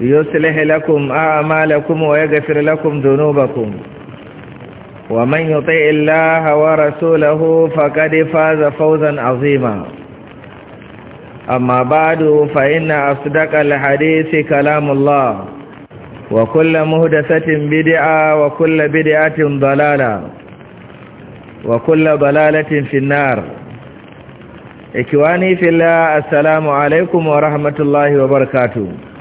yuslih lakum a'malakum wa yaghfir lakum dhunubakum wa man yuti' Allaha wa rasulahu faqad faza fawzan 'azima amma ba'du fa inna asdaqal hadisi kalamullah wa kullu muhdathatin bid'a wa kullu bid'atin dalala wa kullu dalalatin finnar ikwani fillah assalamu alaykum wa rahmatullahi wa barakatuh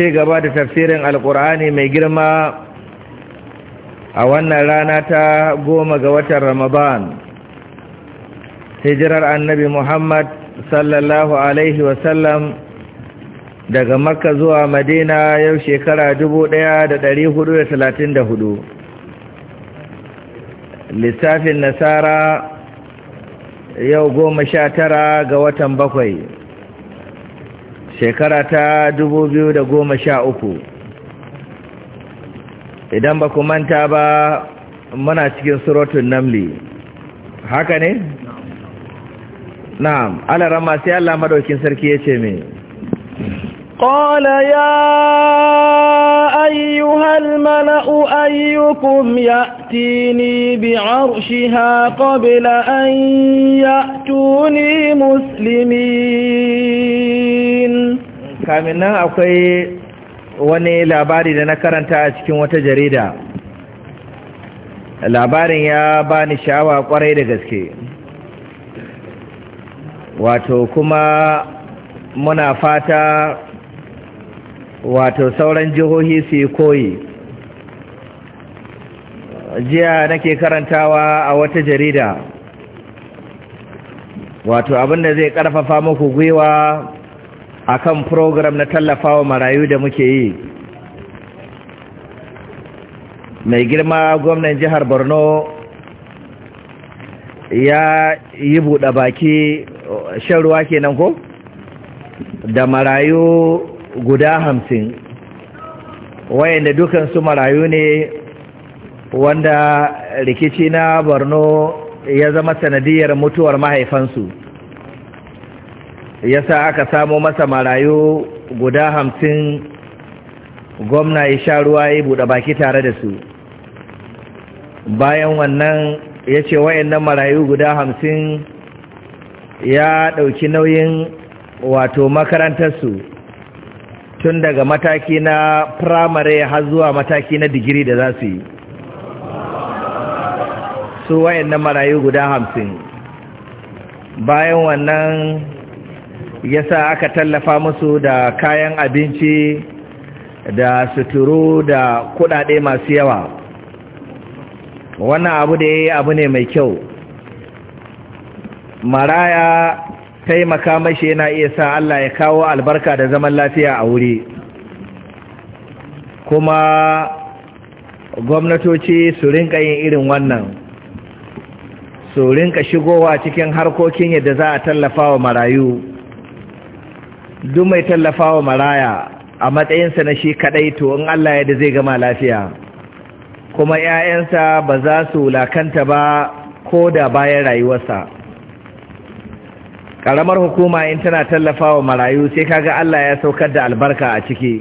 ci gaba da tafsirin alkur'ani mai girma a wannan rana ta goma ga watan ramadan hijirar annabi muhammad sallallahu alaihi wasallam daga makka zuwa madina yau shekara hudu. lissafin nasara yau goma sha tara ga watan bakwai shekara ta dubu biyu da goma uku, idan ba ku manta ba muna cikin surotun namli haka ne? na'am alaran masu yi Allah maɗaukin sarki ya ce me. Kọ́lá ya ayyuhal mala'u ayyukum yatini kùm yá tí ní an yá Palestine kamin nan akwai wani labari da na karanta a cikin wata jarida labarin ya ba ni sha'awa kwarai da gaske wato kuma muna fata wato sauran jihohi su yi koyi jiya nake karantawa a wata jarida wato abinda zai karfafa muku gwiwa akan program na tallafawa marayu da muke yi mai girma gwamnan jihar borno ya yi buɗe baki shan ruwa kenan ko da marayu guda hamsin wayanda dukansu marayu ne wanda rikici na borno ya zama sanadiyar mutuwar mahaifansu Ya sa aka samo masa marayu guda hamsin gwamna ya sha ruwa ya buɗe baki tare da su bayan wannan ya ce wayannan marayu guda hamsin ya ɗauki nauyin wato makarantarsu tun daga mataki na firamare har zuwa mataki na digiri da za su yi su wayannan marayu guda hamsin bayan wannan yasa aka tallafa musu da kayan abinci da suturu da kudade masu yawa wannan abu da ya abu ne mai kyau maraya taimaka mashi yana iya sa Allah ya kawo albarka da zaman lafiya a wuri kuma gwamnatoci su rinka yin irin wannan su rinka shigowa cikin harkokin yadda za a tallafa wa marayu duk mai tallafawa maraya a matsayinsa na shi kadai to in Allah ya da zai gama lafiya kuma 'ya'yansa ba za su wulakanta ba ko da bayan rayuwarsa ƙaramar hukuma in tana tallafawa marayu sai kaga Allah ya saukar da albarka a ciki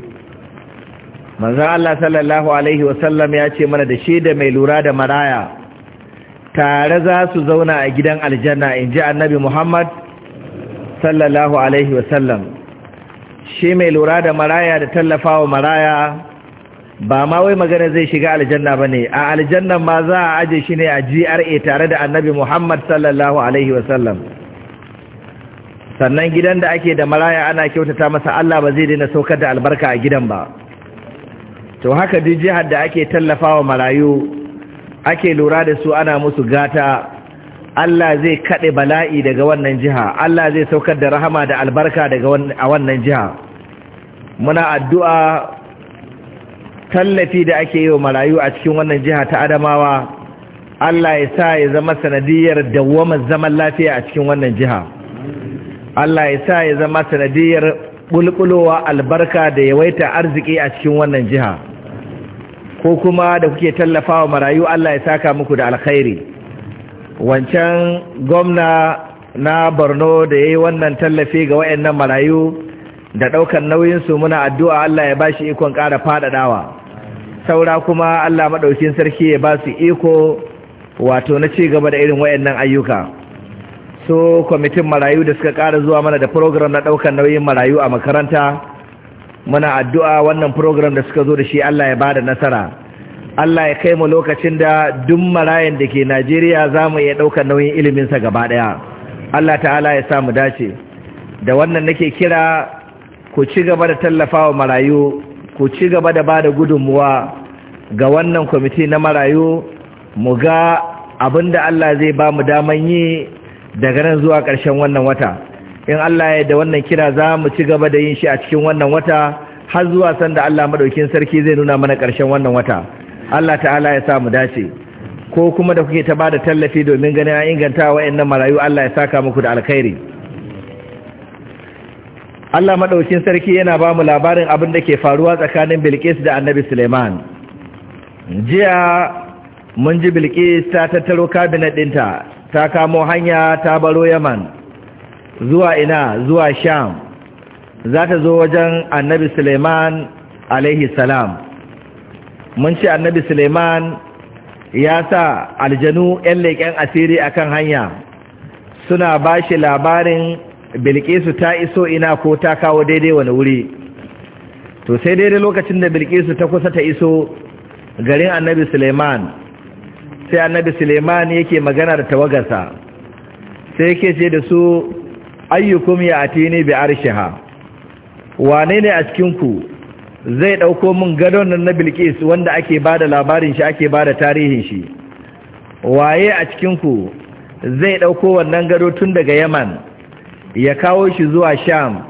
manzan Allah sallallahu Alaihi wasallam ya ce mana da shi da mai lura da maraya tare za su zauna a gidan aljanna in ji annabi Muhammad sallallahu Alaihi wasallam shi mai lura da maraya da tallafawa maraya ba ma wai magana zai shiga aljanna ba ne a aljanna ma za a aje shi ne a GRA tare da annabi Muhammad sallallahu Alaihi wasallam sannan gidan da ake da maraya ana kyautata masa Allah ba zai daina saukar da albarka a gidan ba to haka duk jihar da ake tallafawa marayu ake lura da su ana musu gata Allah zai kaɗe bala'i daga wannan jiha Allah zai saukar da rahama da albarka daga a wannan jiha muna addu'a tallafi da ake yi wa marayu a cikin wannan jiha ta adamawa Allah ya sa ya zama sanadiyar dawwamar zaman lafiya a cikin wannan jiha Allah ya sa ya zama sanadiyar bulbulowa albarka da yawaita arziki a cikin wannan jiha ko kuma da kuke tallafawa marayu Allah ya saka muku da alkhairi wancan gwamna na borno da ya yi wannan tallafi ga wayannan marayu da ɗaukar nauyinsu muna addu'a Allah ya ba shi ikon ƙara faɗaɗawa saura kuma Allah maɗaukin sarki ya ba su iko wato na ci gaba da irin wayannan ayyuka so kwamitin marayu da suka ƙara zuwa mana da program na ɗaukar nauyin marayu a makaranta muna addu'a wannan program da suka zo da shi Allah ya ba da nasara Allah ya kai mu lokacin da duk marayan da ke Najeriya za mu iya ɗaukar nauyin iliminsa gaba ɗaya Allah ta'ala ya sa mu dace da wannan nake kira ku ci gaba da tallafawa marayu ku ci gaba da bada gudunmuwa ga wannan kwamiti na marayu mu ga abin da Allah zai ba mu daman yi daga nan zuwa ƙarshen wannan wata in Allah ya da wannan kira za mu ci gaba da yin shi a cikin wannan wata har zuwa sanda Allah madaukin sarki zai nuna mana ƙarshen wannan wata Allah ta'ala ya sa mu dace ko kuma da kuke ta ba da tallafi domin ganin an inganta wa'annan marayu Allah ya saka muku da alkhairi Allah madaukin sarki yana ba mu labarin abin da ke faruwa tsakanin Bilqis da Annabi Suleiman jiya mun ji Bilqis ta tattaro kabinet ɗinta ta kamo hanya ta baro Yaman zuwa ina zuwa Sham za ta zo wajen Annabi Suleiman alaihi salam mun ce annabi suleiman ya sa aljanu 'yan leƙen asiri a kan hanya suna ba shi labarin bilkisu ta iso ina ko ta kawo daidai wani wuri to sai daidai lokacin da bilkisu ta kusa ta iso garin annabi suleiman sai annabi suleiman yake magana da tawagarsa sai yake ce da su ayyukum ya atini bi arshiha wane ne a cikinku zai ɗauko min gadon nan na bilkis wanda ake ba da labarin shi ake ba da tarihin shi waye a cikinku zai ɗauko wannan gado tun daga yaman ya kawo shi zuwa sham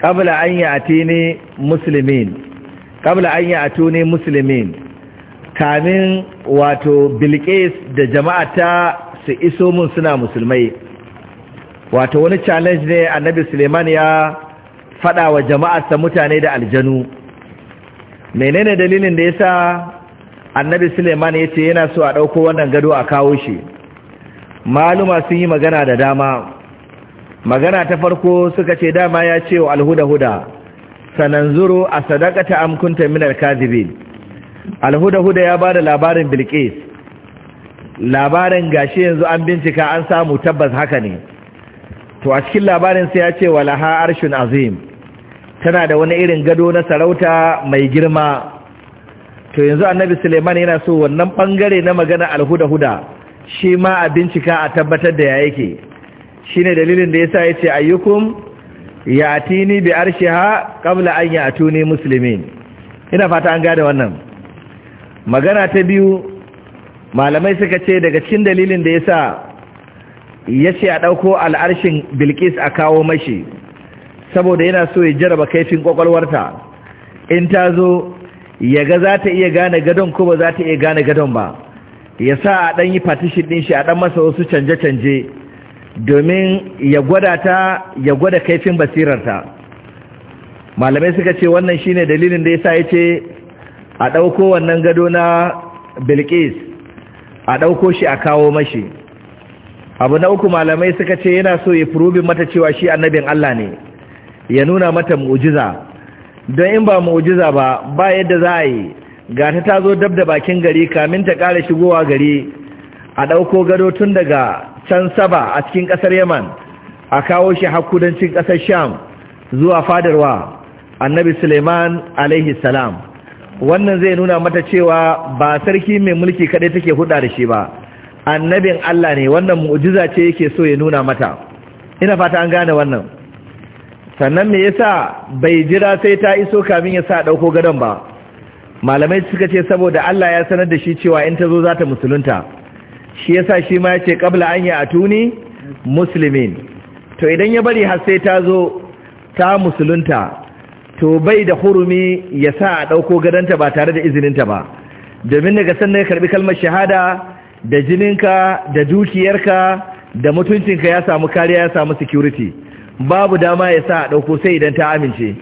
ƙabla an yi ati ne musulmin ƙabla an yi ne musulmin kamin wato bilkis da jama'a ta su iso mun suna musulmai wato wani challenge ne annabi suleiman ya faɗa wa jama'arsa mutane da aljanu menene dalilin da yasa annabi suleiman ya ce yana so a ɗauko wannan gado a kawo shi maluma sun yi magana da dama magana ta farko suka ce dama ya ce wa alhuda-huda zuru a sadakata amkunta minar kazibin alhuda-huda ya ba da labarin bilkis labarin gashi yanzu an bincika an samu tabbas haka ne to a cikin labarin sai ya ce wa laha arshin azim tana da wani irin gado na sarauta mai girma to yanzu annabi suleiman yana so wannan bangare na magana alhuda-huda shi ma a bincika a tabbatar da ya yake shi ne dalilin da ya sa ya ce ayyukum ya atini bi arshi ha, kabla an ya atuni musulmin ina fata an gada wannan magana ta biyu malamai suka ce daga cin dalilin da ya sa ya ce a ɗauko al'arshin bilkis a kawo mashi saboda yana so ya jaraba kaifin kwakwalwarta in ta zo ya ga za ta iya gane gadon ko ba za ta iya gane gadon ba ya sa a ɗan yi partition ɗin shi a ɗan masa wasu canje-canje domin ya gwada ta ya gwada kaifin basirarta malamai suka ce wannan shi ne dalilin da ya sa ya ce a ɗauko wannan gado na Bilkis a ɗauko shi a kawo mashi abu na uku malamai suka ce yana so ya furubin mata cewa shi annabin Allah ne ya nuna mata mu'ujiza, don in ba mu'ujiza ba ba yadda za a yi ga ta ta zo dab da bakin gari kamin ta ƙara shigowa gari a ɗauko gado tun daga can saba a cikin ƙasar yaman a kawo shi hakudancin ƙasar sham zuwa fadarwa annabi suleiman alaihi salam wannan zai nuna mata cewa ba sarki mai mulki kaɗai take huda da shi ba annabin Allah ne wannan mu'ujiza ce yake so ya nuna mata ina fata an gane wannan sannan me yasa bai jira sai ta iso kamin ya sa ɗauko gadon ba malamai suka ce saboda Allah ya sanar da shi cewa in ta zo za ta musulunta shi yasa shi ma ya ce kabla an a atuni muslimin to idan ya bari har sai ta zo ta musulunta to bai da hurumi ya sa a ɗauko gadonta ba tare da izininta ba domin daga sannan ya karɓi kalmar shahada da jininka da dukiyarka da mutuncinka ya samu kariya ya samu security babu dama ya sa a ɗauko sai idan ta amince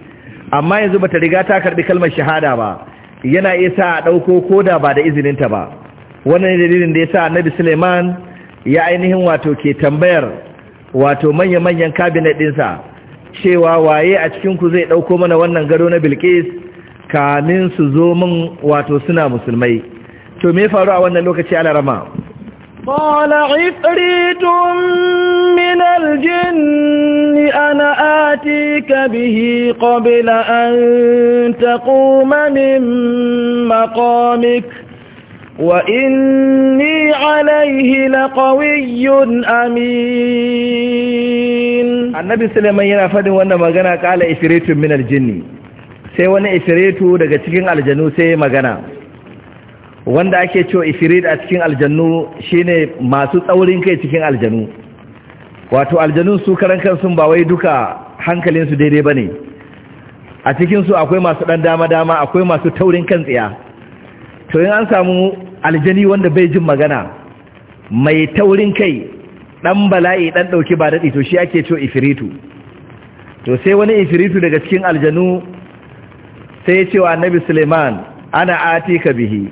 amma yanzu bata riga ta karbi kalmar shahada ba yana iya sa a ɗauko ko da ba da izininta ba wannan dalilin da ya sa annabi suleiman ya ainihin wato ke tambayar wato manya-manyan kabinet ɗinsa cewa waye a cikinku zai ɗauko mana wannan gado na bilkis kamin su zo min wato suna musulmai to me faru a wannan lokaci alarama قال عفريت من الجن أنا آتيك به قبل أن تقوم من مقامك وإني عليه لقوي أمين النبي سليمان yana faɗin wannan magana kala ifritun min aljinni sai wani ifritu daga cikin aljanu sai magana wanda ake cewa ifirid a cikin aljannu shine masu tsaurin kai cikin aljannu wato aljanun su karan kansu ba wai duka hankalinsu daidai bane a cikin su akwai masu dan dama dama akwai masu taurin kan tsiya to in an samu aljani wanda bai jin magana mai taurin kai dan bala'i dan dauki ba dadi to shi ake cewa ifiritu to sai wani ifiritu daga cikin aljanu sai ya ce wa annabi Suleiman ana atika bihi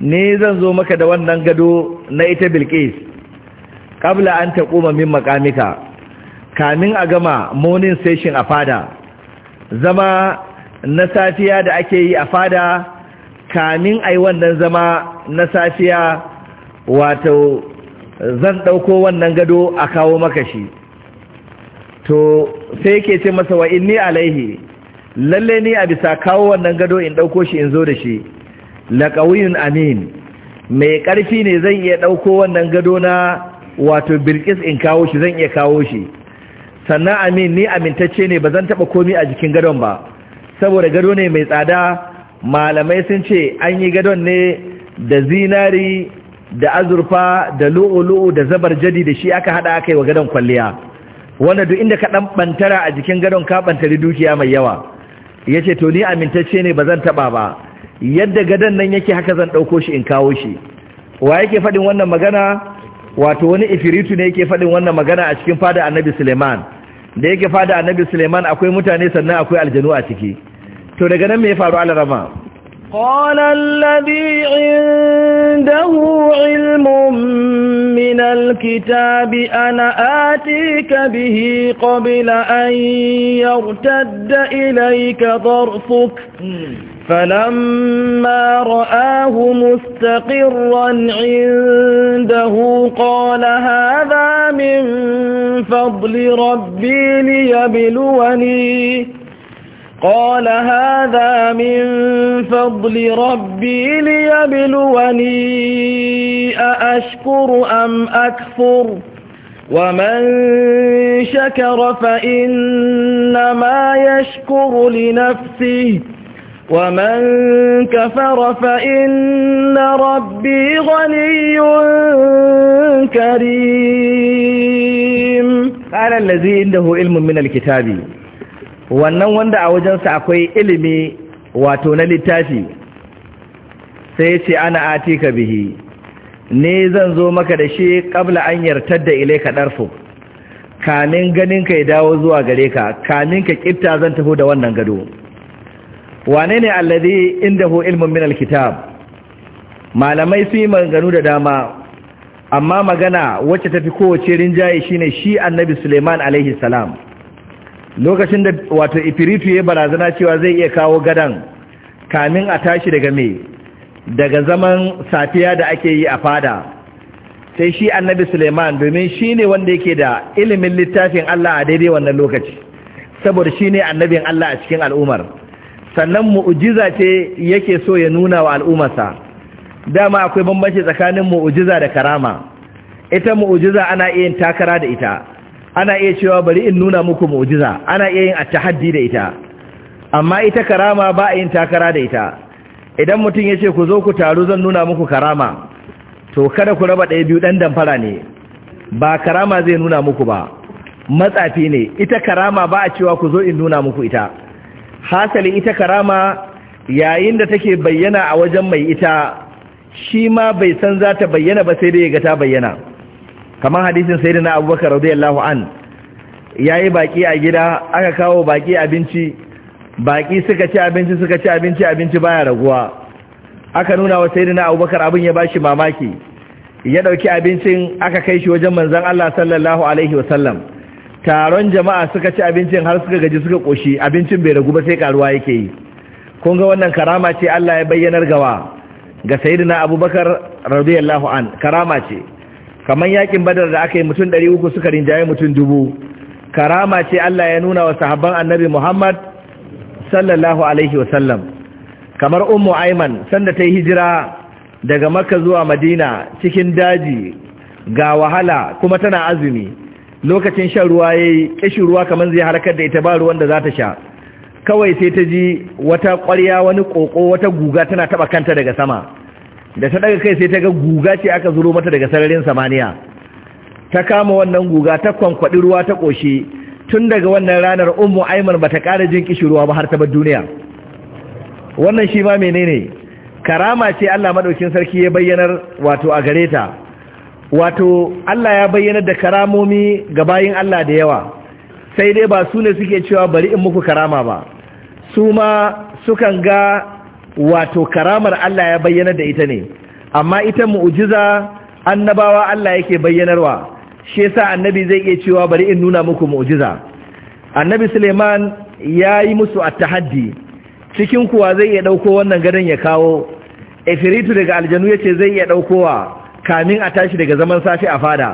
ni zan zo maka da wannan gado na ita bilkis kabla an ta kuma min makamika kamin a gama morning session a fada zama na safiya da ake yi a fada kamin a yi wannan zama na safiya wato zan ɗauko wannan gado a kawo maka shi to sai ke ce masa wa inni alaihi lalle ni a bisa kawo wannan gado in ɗauko shi in zo da shi laƙawiyun amin mai ƙarfi ne zan iya ɗauko wannan gado na wato bilkis in kawo shi zan iya kawo shi sannan amin ni amintacce ne ba zan taɓa komi a jikin gadon ba saboda gado ne mai tsada malamai sun ce an yi gadon ne da zinari da azurfa da lu'ulu'u da zabar jadi da shi aka haɗa aka wa gadon kwalliya wanda duk inda ka dan bantara a jikin gadon ka bantari dukiya mai yawa yace to ni amintacce ne ba zan taɓa ba yadda gadon nan yake haka zan ɗauko shi in kawo shi wa yake faɗin wannan magana wato wani ifiritu ne yake faɗin wannan magana a cikin fada annabi suleiman da yake fada annabi suleiman akwai mutane sannan akwai aljanu a ciki to daga nan mai faru alarama قال الذي عنده علم من الكتاب أنا آتيك به قبل أن يرتد إليك ضرفك فلما رآه مستقرا عنده قال هذا من فضل ربي ليبلوني قال هذا من فضل ربي ليبلوني أأشكر أم أكفر ومن شكر فإنما يشكر لنفسه ومن كفر فإن ربي غني كريم قال الذي عنده علم من الكتاب wannan wanda a wajen wajensa akwai ilimi wato na littafi sai ce ana atika bihi ne zan zo maka da shi kabla an yartar da ilai ka kanin kamin ganin ka ya dawo zuwa gare ka kamin ka ƙirta zan taho da wannan gado wane ne alladhi indahu ilmun min alkitab malamai su yi maganganu da dama amma magana wacce tafi kowace rinjaye shine shi annabi Suleiman alaihi salam lokacin da wato ifiritu ya barazana cewa zai iya kawo gadan kamin a tashi daga me daga zaman safiya da ake yi a fada sai shi annabi Suleiman domin shi ne wanda yake da ilimin littafin Allah a daidai wannan lokaci saboda shi ne annabin Allah a cikin al'ummar. sannan mu'ujiza ce yake so ya nuna wa al'ummarsa dama akwai bambanci tsakanin mu'ujiza da karama ita mu'ujiza ana iya yin takara da ita ana iya cewa bari in nuna muku mu'ujiza ana iya yin attahaddi da ita amma ita karama ba a yin takara da ita idan mutum ya ce ku zo ku taru zan nuna muku karama to kada ku raba ɗaya biyu ɗan damfara ne ba karama zai nuna muku ba matsafi ne ita karama ba a cewa ku zo in nuna muku ita hasali ita karama yayin da take bayyana a wajen mai ita shi ma bai san za ta bayyana ba sai dai ga ta bayyana kamar hadisin sayyidina abubakar radiyallahu an yi baki a gida aka kawo baki abinci baki suka ci abinci suka ci abinci abinci baya raguwa aka nuna wa sayyidina abubakar abin ya bashi mamaki ya ɗauki abincin aka kai shi wajen manzon Allah sallallahu alaihi wasallam taron jama'a suka ci abincin har suka gaji suka koshi abincin bai ragu ba sai karuwa yake yi kun ga wannan karama ce Allah ya bayyanar gawa ga sayyidina Abubakar radiyallahu an karama ce kamar yakin Badar da aka yi mutum 300 suka rinjaye mutum dubu karama ce Allah ya nuna wa sahabban Annabi Muhammad sallallahu alaihi wa sallam kamar Ummu aiman sanda ta yi hijira daga Makka zuwa Madina cikin daji ga wahala kuma tana azumi lokacin shan ruwa ya yi ƙishin ruwa kamar zai harkar da ita ba ruwan da za ta sha kawai sai ta ji wata ƙwarya wani ƙoƙo wata guga tana taɓa kanta daga sama da ta ɗaga kai sai ta ga guga ce aka zuro mata daga sararin samaniya ta kama wannan guga ta kwankwaɗi ruwa ta ƙoshi tun daga wannan ranar ummu aiman ba ta ƙara jin ƙishin ruwa ba har ta bar duniya wannan shi ma menene karama ce allah maɗaukin sarki ya bayyanar wato a gare ta wato Allah ya bayyana da karamomi ga bayin Allah da yawa sai dai ba su ne suke cewa bari in muku karama ba su ma sukan ga wato karamar Allah ya bayyana da ita ne amma ita mu'ujiza annabawa Allah yake bayyanarwa shi yasa annabi zai iya cewa bari in nuna muku mu'ujiza, annabi Suleiman ya yi musu at-tahaddi cikin kuwa zai iya dauko wannan gadon ya kawo Efiritu daga aljanu ce zai iya ɗaukowa. kamin a tashi daga zaman safe a fada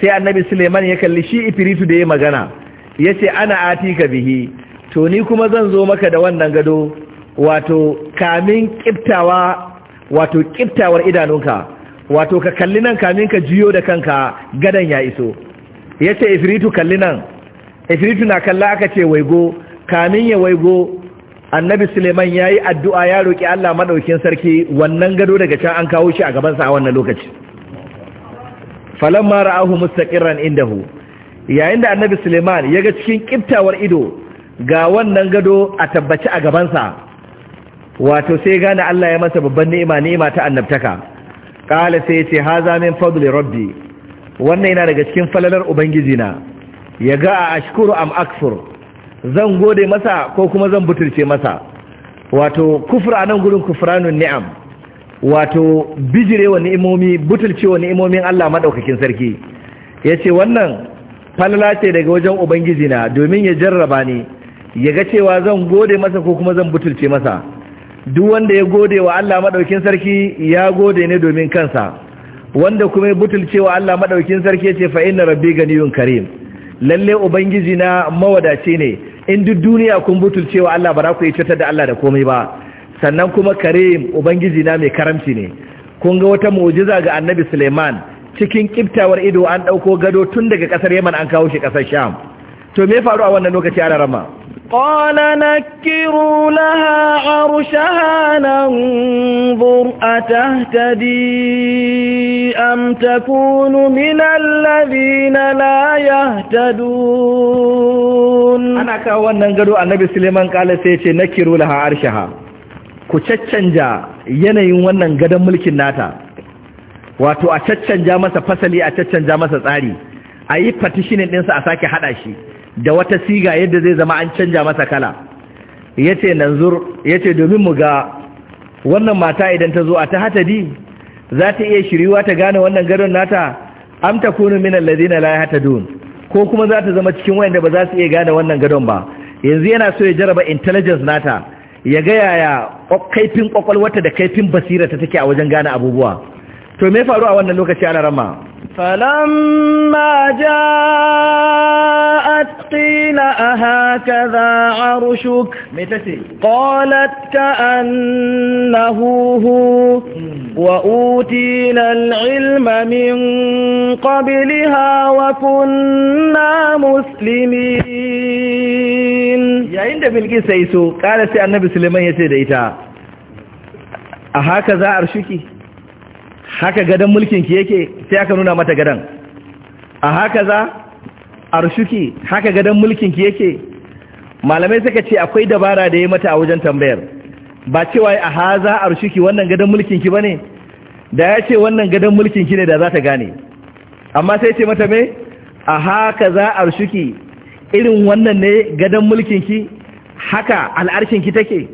sai annabi suleiman ya kalli shi ifiritu da ya magana ya ce ana ka bihi to ni kuma zan zo maka da wannan gado wato kamin kiftawa wato kiftawar idanunka wato ka kalli nan kamin ka jiyo da kanka gadon ya iso ya ce ifiritu kalli nan ifiritu na kalla aka ce waigo kamin ya waigo annabi suleiman ya yi addu'a ya roƙi allah maɗaukin sarki wannan gado daga can an kawo shi a gabansa a wannan lokaci falon mara ahu mustaƙiran indahu yayin da annabi suleiman ya ga cikin ƙiftawar ido ga wannan gado a tabbaci a gabansa wato sai gane allah ya masa babban ni'ima ni'ima ta annabtaka ƙala sai ce haza min fadli rabbi wannan yana daga cikin falalar ubangiji na ya ga a ashkuru am akfur zan gode masa ko kuma zan butulce masa wato kufra nan gurin kufranun ni'am wato bijirewa ni'imomi butulcewa ni'imomin Allah madaukakin sarki ya ce wannan falala ce daga wajen ubangiji na domin ya jarraba ni ya ga cewa zan gode masa ko kuma zan butulce masa duk wanda ya gode wa Allah madaukakin sarki ya gode ne domin kansa wanda kuma ya butulce wa Allah madaukakin sarki ce fa inna rabbi ganiyun karim lalle ubangiji na mawadaci ne in duk duniya kun butulcewa Allah ba za ku yi cutar da Allah da komai ba sannan kuma karim ubangiji na mai karamci ne kun ga wata mu'jiza ga annabi Suleiman cikin kiftawar ido an ɗauko gado tun daga ƙasar Yaman an kawo shi kasar Sham to me faru a wannan lokaci a rama قال نكروا لها عرشها ننظر أتهتدي أم تكون من الذين لا يهتدون أنا كأوان ننقلوا النبي سليمان قال سيتي نكروا لها عرشها ku caccanja yanayin wannan gadon mulkin nata wato a caccanja masa fasali a caccanja masa tsari a yi partitioning ɗinsa a sake haɗa shi da wata siga yadda zai zama an canja masa kala yace nanzur yace domin mu ga wannan mata idan ta zo a ta hatadi za ta iya shiriwa ta gane wannan gadon nata am takunu min alladhina la yahtadun ko kuma za ta zama cikin wayanda ba za su iya gane wannan gadon ba yanzu yana so ya jaraba intelligence nata ya ga yaya kaifin kwakwalwata da kaifin basira ta take a wajen gane abubuwa to me faru a wannan lokaci ana rama فلما جاءت قيل أهكذا عرشك قالت كأنه هو وأوتينا العلم من قبلها وكنا مسلمين يا عند بلقي سيسو قال قالت النبي سليمان يتديتا أهكذا عرشكي haka gadon mulkinki yake sai aka nuna mata gadon a haka za arshuki haka gadon mulkinki yake malamai suka ce akwai dabara da ya mata a wajen tambayar ba cewa a haza arshuki wannan gadon mulkinki ba ne da ya ce wannan gadon mulkinki ne da za ta gane amma sai ce mata me a haka za arshuki irin wannan ne gadon mulkin ki haka al'arkin al'arshinki take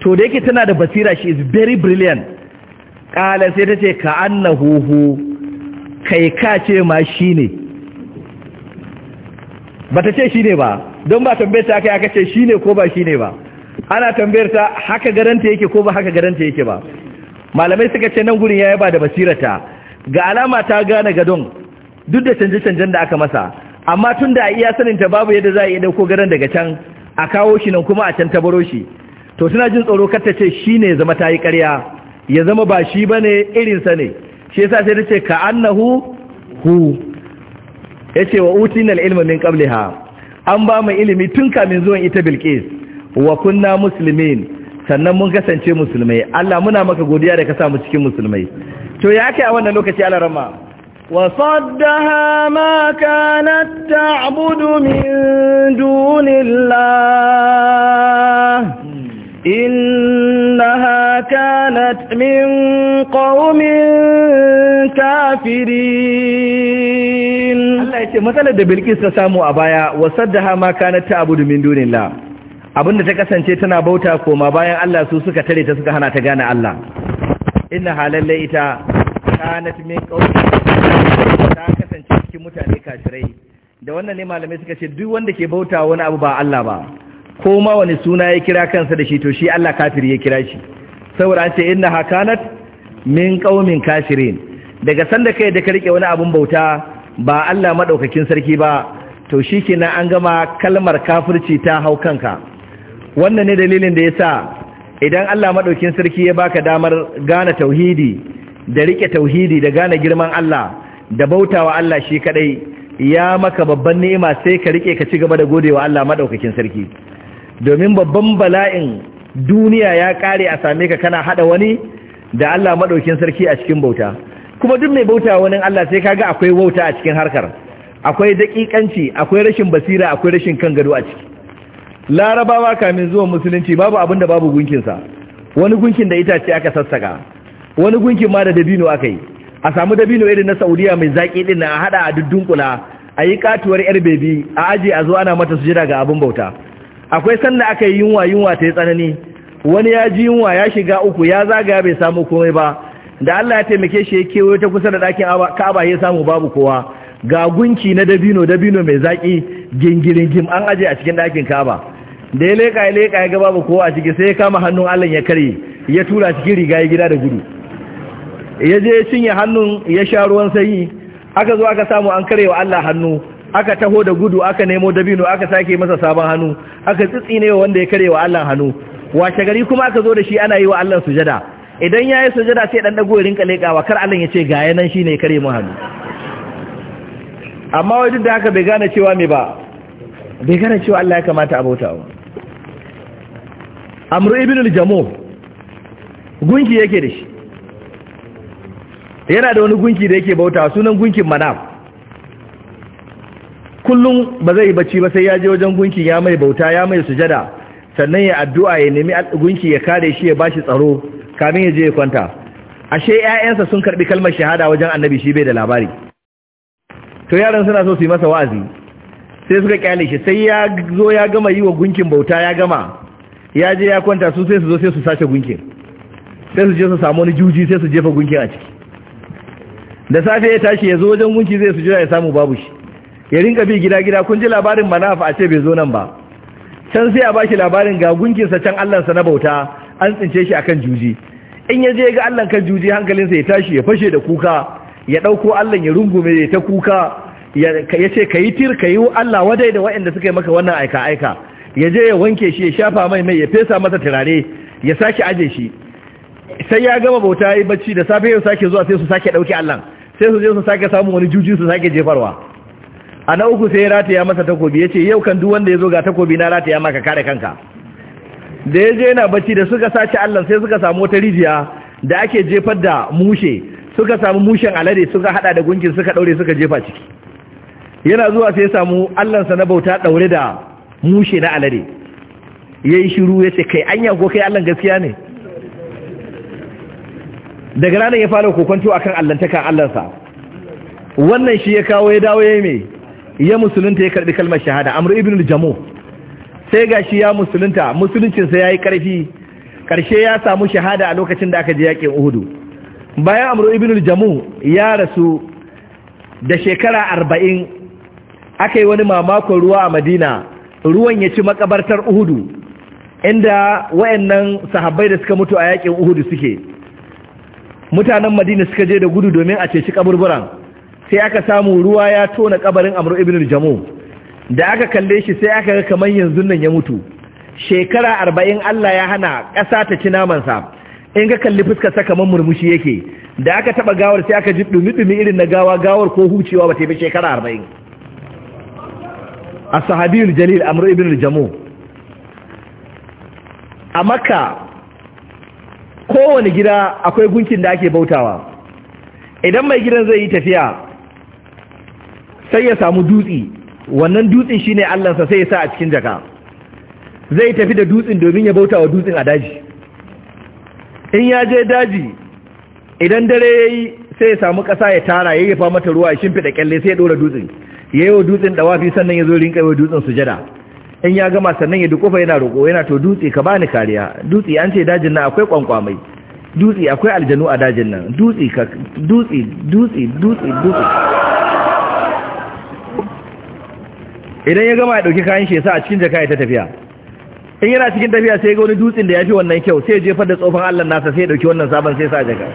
to da yake tana da basira shi is very brilliant ƙala sai ta ce ka na huhu kai ka ce ma shi ne ba ta ce shi ne ba don ba tambayar ta aka aka ce shi ne ko ba shi ne ba ana tambayar ta haka garanta yake ko ba haka garanta yake ba malamai suka ce nan gurin ya yaba da basirata ga alama ta gane gadon duk da canje-canjen da aka masa amma tun da a iya saninta babu yadda za a iya dauko garan daga can a kawo shi nan kuma a can ta baro shi to suna jin tsoro kar ta ce shi ne zama ta yi ƙarya ya zama ba shi ba ne irinsa ne shi yasa sai ta ce ka annahu hu ya ce wa utin al'ilma min qabliha an ba mu ilimi tun kamin zuwan ita bilqis wa kunna muslimin sannan mun kasance musulmai Allah muna maka godiya da ka sa mu cikin musulmai to ya kai a wannan lokaci Allah rama وصدها ما كانت تعبد من min الله إنها كانت من قوم كافرين Allah ya ce matsalar da Bilkis ta samu a baya تعبد ma دون الله abinda ta kasance tana bauta koma bayan Allah su suka tare ta suka hana ta gane Allah inna halallai ita kanat min qawmi ta kasance cikin mutane kafirai da wannan ne malamai suka ce duk wanda ke bauta wani abu ba Allah ba ko ma wani suna ya kira kansa da shi to shi Allah kafiri ya kira shi saboda an ce inna hakanat min qaumin kafirin daga sanda kai da ka rike wani abun bauta ba Allah madaukakin sarki ba to shi shikenan an gama kalmar kafirci ta hau kanka wannan ne dalilin da yasa idan Allah madaukakin sarki ya baka damar gane tauhidi da rike tauhidi da gane girman Allah da bautawa Allah shi kadai ya maka babban ni'ima sai ka rike ka ci gaba da godewa Allah madaukakin sarki domin babban bala'in duniya ya kare a same ka kana hada wani da Allah madaukin sarki a cikin bauta kuma duk mai bauta wani Allah sai kaga akwai wauta a cikin harkar akwai daƙiƙanci, akwai rashin basira akwai rashin kan gado a ciki larabawa kamin zuwan musulunci babu abin da babu gunkin sa wani gunkin da itace aka sassaka wani gunkin ma da dabino aka yi a samu dabino irin na Saudiya mai zaki din na hada a duddun kula a yi katuwar yar bebi a aje a zo ana mata sujada ga abin bauta akwai sanda aka yi yunwa yunwa ta yi tsanani wani ya ji yunwa ya shiga uku ya zagaya bai samu komai ba da Allah ya taimake shi ya kewaye ta kusa da ɗakin ka'aba ya samu babu kowa ga gunki na dabino dabino mai zaƙi gingiringim an aje a cikin ɗakin ka'aba da ya leka ya leƙa ya ga babu kowa a ciki sai ya kama hannun Allah ya karye ya tura cikin riga ya gida da gudu ya je ya cinye hannun ya sha ruwan sanyi aka zo aka samu an karewa Allah hannu aka taho da gudu aka nemo dabino aka sake masa sabon hannu aka tsitsine wa wanda ya kare wa Allah hannu washe gari kuma aka zo da shi ana yi wa Allah sujada idan ya yi sujada sai dan dago rinka leƙawa kar Allah ya ce ga yanan shine ya kare mu hannu amma wai duk da haka bai gane cewa me ba bai gane cewa Allah ya kamata a bauta wa ibn al-Jamu gunki yake da shi yana da wani gunki da yake bauta sunan gunkin Manaf kullum ba zai bacci ba sai ya je wajen gunki ya mai bauta ya mai sujada sannan ya addu'a ya nemi gunki ya kare shi ya bashi tsaro kamin ya je ya kwanta ashe ƴaƴansa sun karbi kalmar shahada wajen annabi shi bai da labari to yaran suna so su yi masa wa'azi sai suka kyale shi sai ya zo ya gama yi wa gunkin bauta ya gama ya je ya kwanta su sai su zo sai su sace gunkin sai su je su samu wani juji sai su jefa gunkin a ciki da safe ya tashi ya zo wajen gunki zai su jira ya samu babu shi ya rinka bi gida-gida kun ji labarin manaf a ce bai zo nan ba can sai a ba shi labarin ga gunkinsa can allansa na bauta an tsince shi akan juji in ya je ga allan kan juji hankalinsa ya tashi ya fashe da kuka ya ɗauko allan ya rungume ya ta kuka ya ce ka yi tir ka yi allah wadai da waɗanda suka yi maka wannan aika-aika ya je ya wanke shi ya shafa mai mai ya fesa masa turare ya sake aje shi sai ya gama bauta ya yi bacci da safe yau sake zuwa sai su sake ɗauke allan sai su je su sake samun wani juji su sake jefarwa a na uku sai rataya masa takobi ya ce yau kan duk wanda ya zo ga takobi na rataya maka kare kanka da ya je yana bacci da suka sace allah sai suka samu wata rijiya da ake jefar da mushe suka samu mushen alade suka hada da gunkin suka daure suka jefa ciki yana zuwa sai ya samu allansa na bauta daure da mushe na alade ya yi shiru ya ce kai anya ko kai allan gaskiya ne daga ranar ya fara kokonto akan allantakan allansa wannan shi ya kawo ya dawo ya yi mai ya musulunta ya karbi kalmar shahada amru ibn al-jamu sai gashi ya musulunta musuluncin sa yayi karfi karshe ya samu shahada a lokacin da aka je yakin uhudu bayan amru ibn al-jamu ya rasu da shekara arba'in aka wani mamakon ruwa a madina ruwan ya ci makabartar uhudu inda wayannan sahabbai da suka mutu a yakin uhudu suke mutanen madina suka je da gudu domin a ceci kaburburan sai aka samu ruwa ya tona kabarin amru ibn jamu da aka kalle shi sai aka ga kamar yanzu nan ya mutu shekara arba'in Allah ya hana ƙasa ta ci namansa in ka kalli sa kamar murmushi yake da aka taɓa gawar sai aka ji ɗumi-ɗumi irin na gawa gawar ko hucewa ba ta yi shekara arba'in a sahabiyul jalil amru ibn jamu a makka kowane gida akwai gunkin da ake bautawa idan mai gidan zai yi tafiya sai ya samu dutsi wannan dutsin shine sa sai ya sa a cikin jaka zai tafi da dutsin domin ya bauta wa dutsin a daji in ya je daji idan dare ya sai ya samu kasa ya tara ya fa mata ruwa ya da kyalle sai ya ɗora dutsin ya yi wa dutsin ɗawafi sannan ya zo rinka wa dutsin sujada in ya gama sannan ya dukufa yana roƙo yana to dutse ka bani kariya dutse an ce dajin nan akwai kwankwamai dutse akwai aljanu a dajin nan dutse ka dutse dutse dutse dutse idan ya gama ya dauki kayan shi ya sa a cikin jaka ya ta tafiya in yana cikin tafiya sai ga wani dutsen da ya fi wannan kyau sai ya jefar da tsofan Allah nasa sai ya dauki wannan sabon sai sa jaka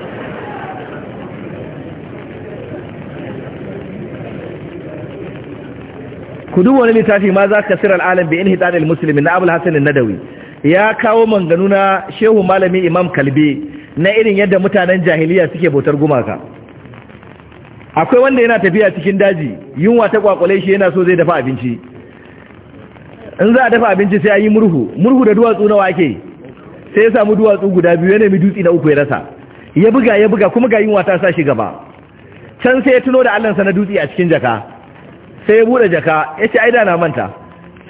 ku duba wani littafi ma za ka sirar alam bi in hidan al na abul hasan nadawi ya kawo manganu na shehu malami imam kalbe na irin yadda mutanen jahiliya suke bautar gumaka akwai wanda yana tafiya cikin daji yunwa ta kwakwale shi yana so zai dafa abinci in za a dafa abinci sai an yi murhu murhu da duwatsu na wake sai ya samu duwatsu guda biyu ya nemi dutse na uku ya rasa ya buga ya buga kuma ga yunwa ta sa shi gaba can sai ya tuno da allansa na dutse a cikin jaka sai ya bude jaka ya ce aida na manta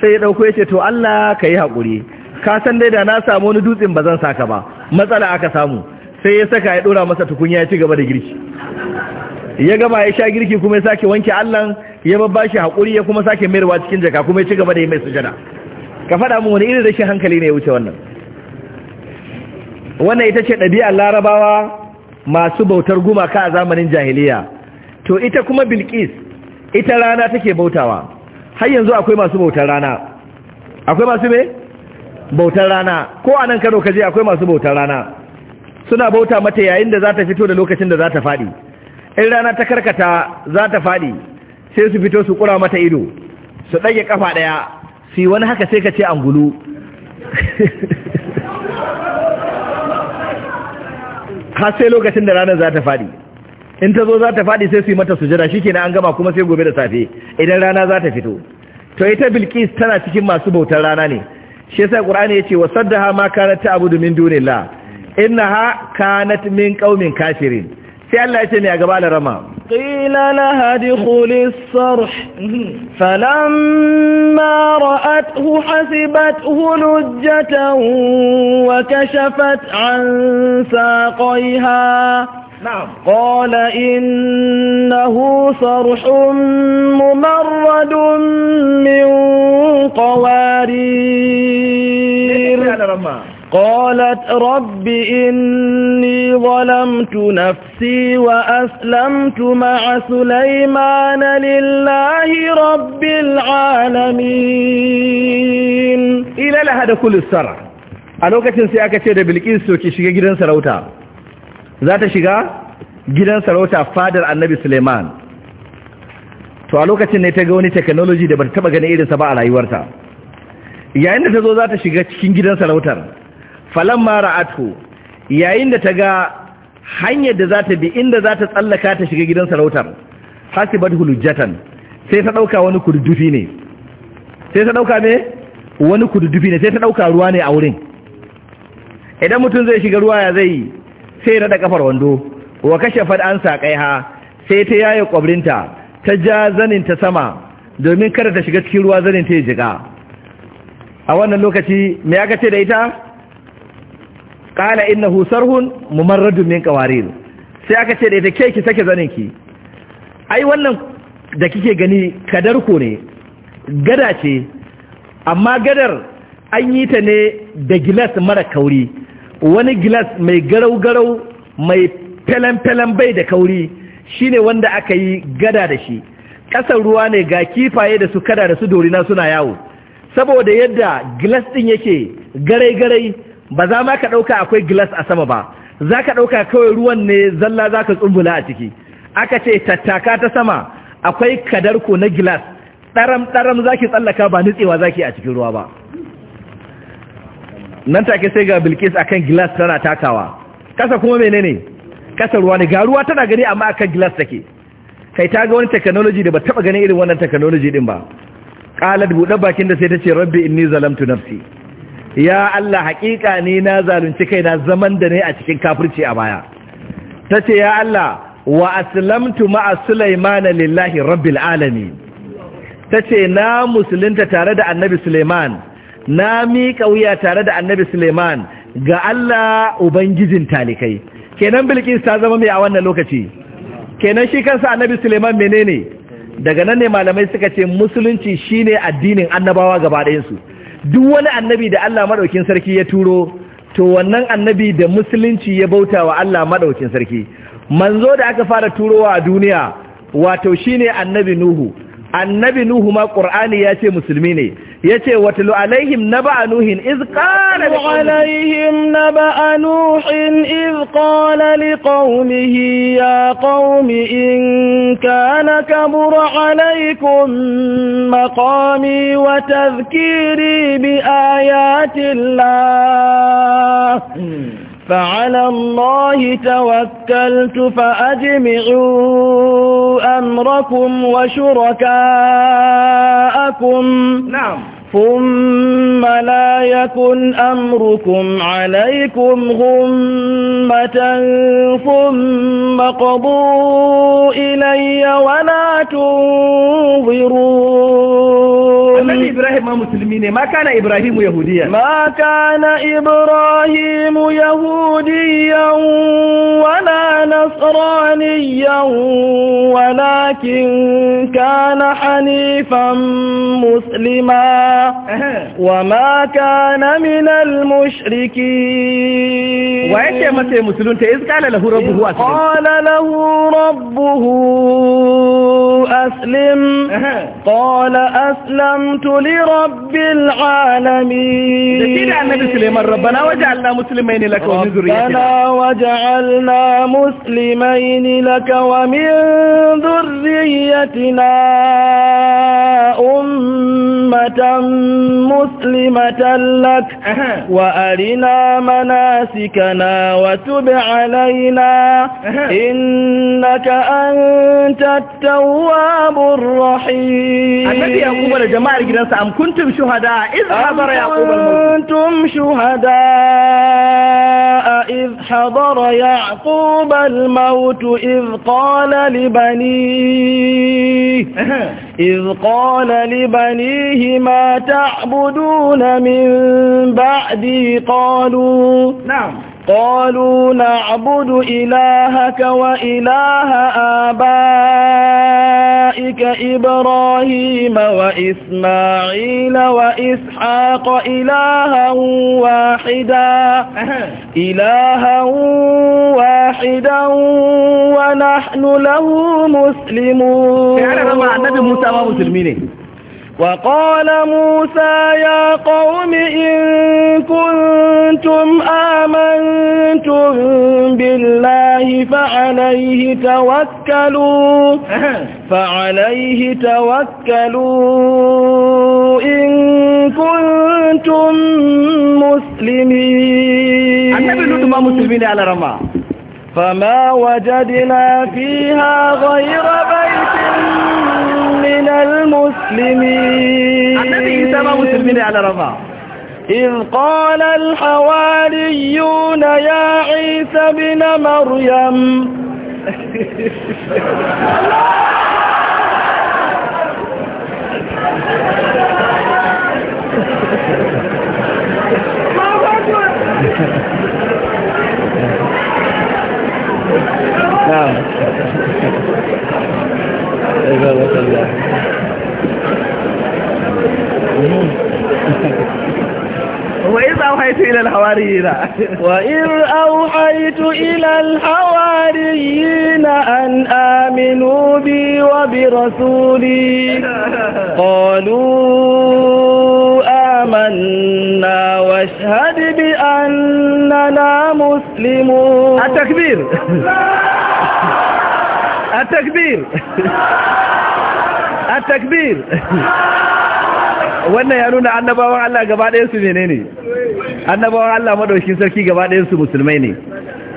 sai ya dauko ya ce to Allah ka yi hakuri ka san dai da na samu wani dutsen ba zan saka ba matsala aka samu sai ya saka ya dora masa tukunya ya ci gaba da girki ya gama ya sha girki kuma ya sake wanke allan ya babba shi haƙuri ya kuma sake mayarwa cikin jaka kuma ya ci gaba da yi mai sujada ka faɗa mu wani irin rashin hankali ne ya wuce wannan wannan ita ce ɗabi'ar larabawa masu bautar gumaka a zamanin jahiliya to ita kuma bilkis ita rana take bautawa har yanzu akwai masu bautar rana akwai masu me bautar rana ko anan karo kaje akwai masu bautar rana suna bauta mata yayin da za ta fito da lokacin da za ta faɗi in rana ta karkata za ta faɗi sai su fito su kura mata ido su ɗage ƙafa ɗaya su yi wani haka sai ka ce angulu har sai lokacin da ranar za ta faɗi in ta zo za ta faɗi sai su yi mata su jira shi ke na an gama kuma sai gobe da safe idan rana za ta fito to ita bilkis tana cikin masu bautar rana ne shi yasa qur'ani yace ha ma kanat domin min dunillah ha kanat min ƙaumin kafirin sai Allah ya ce قيل لها ادخل الصرح فلما رأته حسبته لجة وكشفت عن ساقيها نعم. قال إنه صرح ممرد من قوارير قالت رب إني ظلمت نفسي وأسلمت مع سليمان لله رب العالمين إلى لها كل السرع ألوكة سيأكا تيدا بالكيس سوكي شيئا جدا سروتا ذات شيئا جدن سروتا فادر النبي سليمان تو a lokacin ne ta ga wani technology da ba ta taba ganin irinsa yayin da ta zo za ta shiga cikin gidan sarautar Falan Mara atu yayin da ta ga hanyar da za ta bi inda za ta tsallaka ta shiga gidan sarautar Hasi hasibat hulujjatan sai ta ɗauka wani kududufi ne sai ta ɗauka me wani kurdufi ne sai ta ɗauka ruwa ne a wurin idan mutum zai shiga ruwa ya zai sai na da kafar wando wa kashe kashafat an ƙaiha sai ta yaye kwabrinta ta ja zanin ta sama domin kada ta shiga cikin ruwa zanin ta ya jiga a wannan lokaci me aka ce da ita qala hun, mu mumarradun min qawarir sai aka ce da ita ke ki sake zanin ki ai wannan da kike gani kadar ku ne gada ce amma gadar an yi ta ne da gilas mara kauri wani gilas mai garau-garau mai felen-felen bai da kauri shi ne wanda aka yi gada da shi ƙasar ruwa ne ga kifaye da su kada da su dorina suna yawo saboda yadda gilas ɗin yake garai-garai ba za ma ka ɗauka akwai glass a sama ba za ka ɗauka kawai ruwan ne zalla za ka tsumbula a ciki aka ce tattaka ta sama akwai kadarko na glass ɗaram-ɗaram za ki tsallaka ba nutsewa za ki a cikin ruwa ba nan take sai ga bilkis akan glass tana takawa kasa kuma menene kasa ruwa ne ga ruwa tana gani amma akan glass take kai ta ga wani technology da ba taba ganin irin wannan technology din ba qalat buɗe bakin da sai ta ce rabbi inni zalamtu nafsi ya Allah haƙiƙa ne na zalunci na zaman da ne a cikin kafirci a baya ta ce ya Allah wa aslamtu ma'a Sulaiman lillahi rabbil alamin ta ce na musulunta tare da annabi Sulaiman na miƙa wuya tare da annabi Sulaiman ga Allah ubangijin talikai kenan Bilkis ta zama mai a wannan lokaci kenan shi kansa annabi Sulaiman menene daga nan ne malamai suka ce musulunci shine addinin annabawa gaba ɗayansu duk wani annabi da Allah madaukin sarki ya turo to wannan annabi da musulunci ya bauta wa Allah madaukin sarki manzo da aka fara turowa a duniya wato shine annabi nuhu annabi nuhu ma ƙur'ani ya ce musulmi ne yace watlu alaihim naba nuhin iz qala alaihim naba nuhin iz qala liqaumihi ya qaumi in kana kabura alaikum maqami wa tadhkiri bi ayati فعلى الله توكلت فأجمعوا أمركم وشركاءكم نعم ثم لا يكن أمركم عليكم غمة ثم قضوا إلي ولا تنظرون مسلمين ما كان إبراهيم يهوديا ما كان إبراهيم يهوديا ولا نصرانيا ولكن كان حنيفا مسلما وما كان من المشركين يا كانت مسلمين إذ قال له ربه أسلم قال له ربه أسلم قال أسلمت لربه رب العالمين النبي سليمان ربنا وجعلنا مسلمين لك ومن ذريتنا ربنا وجعلنا مسلمين لك ومن ذريتنا أمة مسلمة لك وأرنا مناسكنا وتب علينا إنك أنت التواب الرحيم النبي يقول لجماعة أم كنت كنتم شهداء إذ حضر يعقوب الموت كنتم شهداء إذ حضر يعقوب الموت إذ قال لبنيه إذ قال لبنيه ما تعبدون من بعدي قالوا نعم قالوا نعبد إلهك وإله آبائك إبراهيم وإسماعيل وإسحاق إلها واحدا إلها واحدا ونحن له مسلمون يعني رمى النبي موسى مسلمين وقال موسى يا قوم إن كنتم آمنتم بالله فعليه توكلوا فعليه توكلوا إن كنتم مسلمين فما وجدنا فيها غير بيت من المسلمين النبي سما مسلمين على رفا إذ قال الحواريون يا عيسى بن مريم نعم إذا الله أوحيت إلى الحواريين وإذ أوحيت إلى الحواريين أن آمنوا بي وبرسولي قالوا آمنا واشهد بأننا مسلمون التكبير التكبير التكبير wannan ya nuna annabawan Allah gaba ɗaya su menene annabawan Allah madaukakin sarki gaba ɗayan su musulmai ne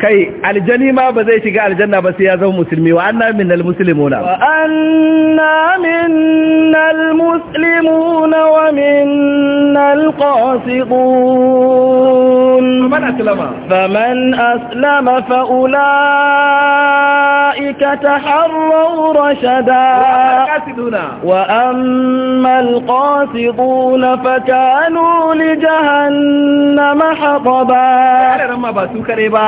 kai aljani ma ba zai shiga aljanna ba sai ya zama musulmi wa anna minnal muslimuna wa anna minnal muslimuna wa minnal qasitun faman aslama faman aslama fa ulaika taharraw rashada wa ammal qasituna fa kanu li jahannama hataba ba su kare ba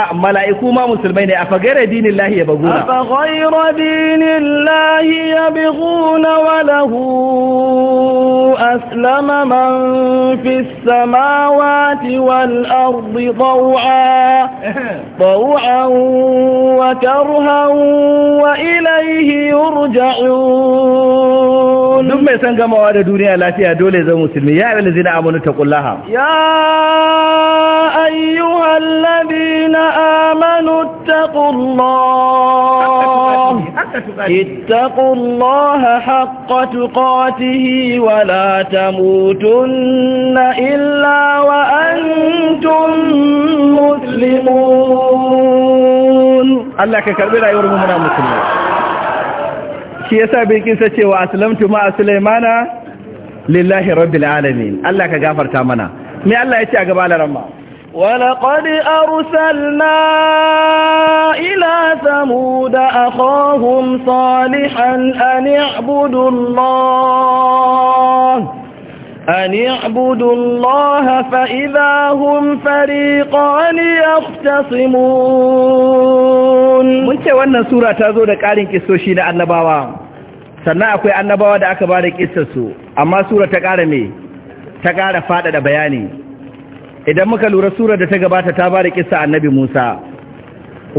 mala'iku ma musulmai ne afa gaira dinin lahi ya baguna afa gaira dinin lahi ya baguna wa aslama man fi samawati wal ardi taw'a taw'a wa karhan wa ilayhi yurja'un duk mai san gamawa da duniya lafiya dole zan musulmi ya ayyuhal ladina amanu taqullaha ya ayyuhal ladina amanu آمنوا اتقوا الله اتقوا الله حق تقاته ولا تموتن إلا وأنتم مسلمون الله كبير يورم منا مسلمون شيء سابقين سيئة وأسلمت مع سليمانا lillahi rabbil alamin Allah ka gafarta mana me Allah ya ce a gaba ولقد أرسلنا إلى ثمود أخاهم صالحا أن اعبدوا الله أن اعبدوا الله فإذا هم فريقان يختصمون من ce wannan sura ta zo da ƙarin kisoshi na annabawa sannan akwai annabawa da aka ba da kissarsu amma sura ta ƙara me ta ƙara faɗaɗa bayani idan muka lura surar da ta gabata ta ba da kissa annabi Musa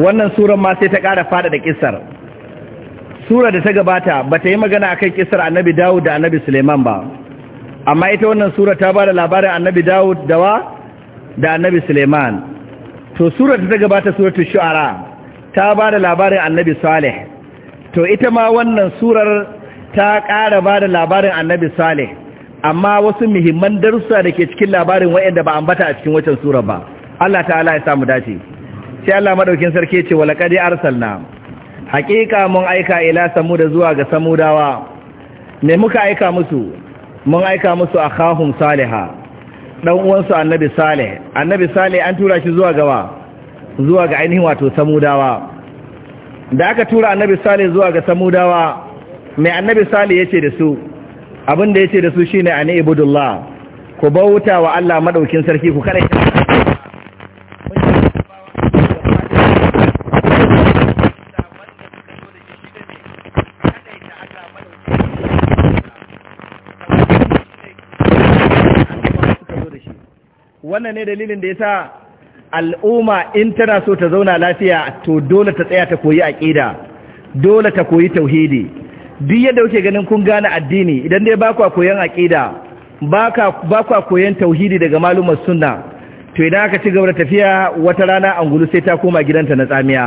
wannan surar ma sai ta ƙara fada da kissar surar da ta gabata ba ta yi magana akan kissar annabi Dawud da annabi Suleiman ba amma ita wannan surar ta ba da labarin annabi Dawud da wa da annabi Suleiman to surar da ta gabata surar shu'ara ta ba da labarin annabi Salih to ita ma wannan surar ta ƙara ba da labarin annabi Salih amma wasu muhimman darussa da ke cikin labarin wa'anda ba ambata a cikin waccan sura ba Allah ta'ala ya samu dace sai Allah madaukin sarki ce wala qad arsalna haqiqa mun aika ila samuda zuwa ga samudawa me muka aika musu mun aika musu akhahum saliha dan uwansu annabi salih annabi salih an tura shi zuwa gawa zuwa ga ainihin wato samudawa da aka tura annabi salih zuwa ga samudawa mai annabi salih yace da su abin da ce da su shine ani ibudullah ku bauta wa Allah madaukin sarki ku kada wannan ne dalilin da yasa al'umma in tana so ta zauna lafiya to dole ta tsaya ta koyi aqida dole ta koyi tauhidi duk yadda kuke ganin kun gane addini idan dai ba kwa koyon aqida ba kwa koyon tauhidi daga malumar sunna to idan aka ci gaba da tafiya wata rana angulu sai ta koma gidanta na tsamiya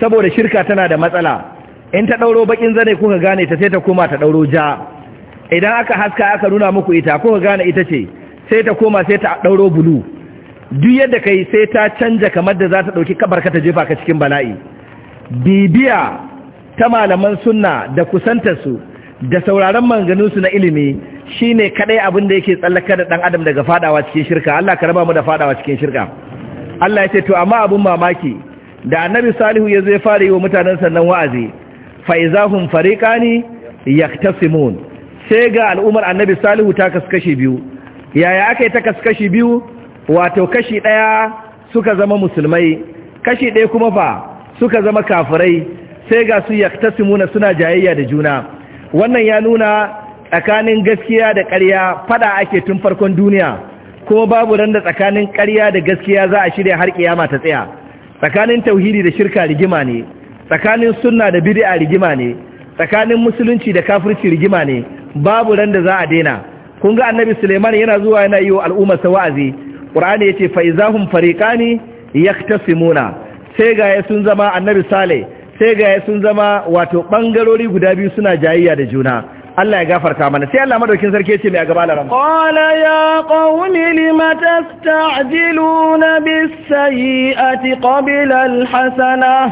saboda shirka tana da matsala in ta ɗauro bakin zane kuka gane ta sai ta koma ta ɗauro ja idan aka haska aka nuna muku ita kuka gane ita ce sai ta koma sai ta dauro bulu duk yadda kai sai ta canja kamar da za ta dauki kabarka ta jefa ka cikin bala'i bibiya ta malaman sunna da kusantarsu da sauraron manganinsu na ilimi shine kadai abin da yake tsallaka da ɗan adam daga fadawa cikin shirka Allah ka raba mu da fadawa cikin shirka Allah ya ce to amma abin mamaki da annabi salihu ya zo ya fara yi wa mutanen sannan wa'azi Faizahun izahum fariqani yaktasimun sai ga al'ummar annabi salihu ta kaskashi biyu yaya aka yi ta kaskashi biyu wato kashi ɗaya suka zama musulmai kashi ɗaya kuma fa suka zama kafirai sai ga su yaktasimuna suna jayayya da juna wannan ya nuna tsakanin gaskiya da ƙarya fada ake tun farkon duniya kuma babu randa tsakanin ƙarya da gaskiya za a shirya har kiyama ta tsaya tsakanin tauhidi da shirka rigima ne tsakanin sunna da bid'a rigima ne tsakanin musulunci da kafirci rigima ne babu randa za a daina kun ga annabi suleiman yana zuwa yana yi wa al'umma sa wa'azi qur'ani yace fa izahum fariqani yaktasimuna sai ga sun zama annabi saleh sai ga sun zama wato bangarori guda biyu suna jayayya da juna Allah ya gafarta mana sai Allah madaukin sarki ce mai a gaba laram qala ya qaumi limatasta'jiluna bis-sayyi'ati qabla al-hasanah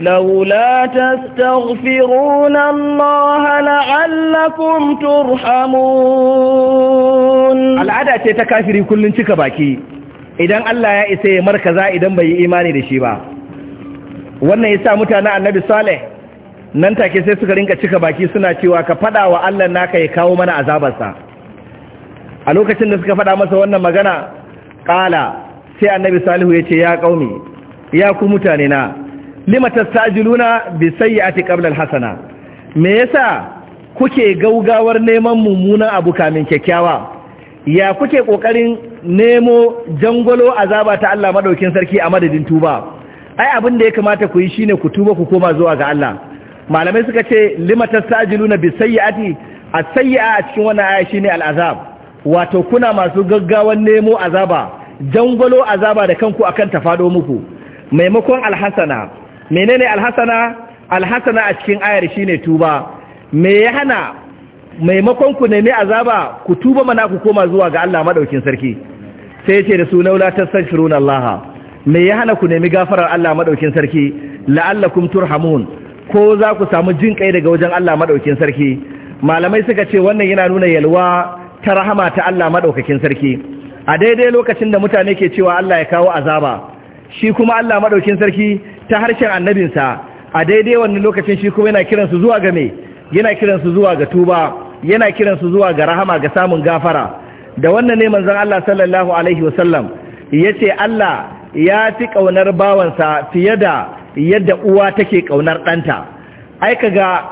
لولا تستغفرون الله لعلكم turhamun. al'ada ce ta kafiri kullun cika baki idan Allah ya isa ya markaza idan bai yi imani da shi ba wannan ya sa mutane annabi saleh nan take sai suka rinka cika baki suna cewa ka fada wa Allah naka ya kawo mana azabarsa a lokacin da suka fada masa wannan magana qala sai annabi salihu ya ce ya kaumi ya ku mutane na lima tastajiluna bi sayyati qabla alhasana me yasa kuke gaugawar neman mummunan abu kamin kyakkyawa ya kuke kokarin nemo jangolo azaba ta Allah madaukin sarki a madadin tuba ai abin da ya kamata ku yi shine ku tuba ku koma zuwa ga Allah malamai suka ce lima bi bisayyiati as-sayyi'a a cikin wannan aya shine al'azab wato kuna masu gaggawan nemo azaba jangwalo azaba da kanku akan ta muku maimakon alhasana menene alhasana alhasana a cikin ayar shine tuba me ya hana maimakon ku nemi azaba ku tuba mana ku koma zuwa ga Allah madaukin sarki sai ya ce da su laula tastaghfiruna Allah me ya hana ku nemi gafarar Allah madaukin sarki la'allakum turhamun ko za ku samu jin kai daga wajen Allah madaukin sarki malamai suka ce wannan yana nuna yalwa ta rahama ta Allah madaukakin sarki a daidai lokacin da mutane ke cewa Allah ya kawo azaba shi kuma Allah madaukin sarki ta harshen annabinsa a daidai wannan lokacin shi kuma yana kiransu zuwa ga me yana kiransu zuwa ga tuba yana kiransu zuwa ga rahama ga samun gafara da wannan ne manzon Allah sallallahu alaihi wasallam yace Allah ya fi ƙaunar bawansa fiye da yadda uwa take ƙaunar ɗanta ai ga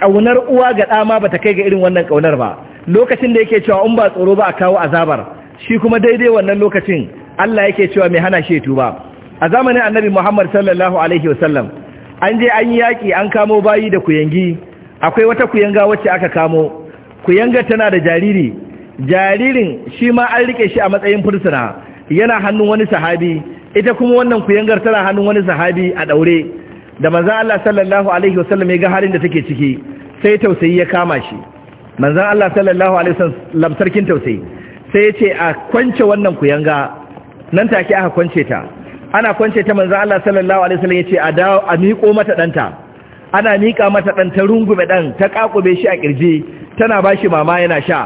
ƙaunar uwa ga ɗama ma bata kai ga irin wannan ƙaunar ba lokacin da yake cewa in ba tsoro ba a kawo azabar shi kuma daidai wannan lokacin Allah yake cewa mai hana shetu ba. a zamanin annabi Muhammad sallallahu alaihi wasallam an je an yi yaƙi an kamo bayi da kuyangi akwai wata kuyanga wacce aka kamo kuyanga tana da jariri jaririn shi ma an rike shi a matsayin fursuna yana hannun wani sahabi ita kuma wannan kuyangar tana hannun wani sahabi a daure da manzo Allah sallallahu alaihi wasallam ya ga halin da take ciki sai tausayi ya kama shi manzo Allah sallallahu alaihi wasallam sarkin tausayi sai ya ce a kwance wannan kuyanga nan take aka kwance ta ana kwance ta manzo Allah sallallahu alaihi wasallam ya ce a dawo a miƙo mata danta ana miƙa mata dan ta rungume dan ta kakube shi a kirji tana bashi mama yana sha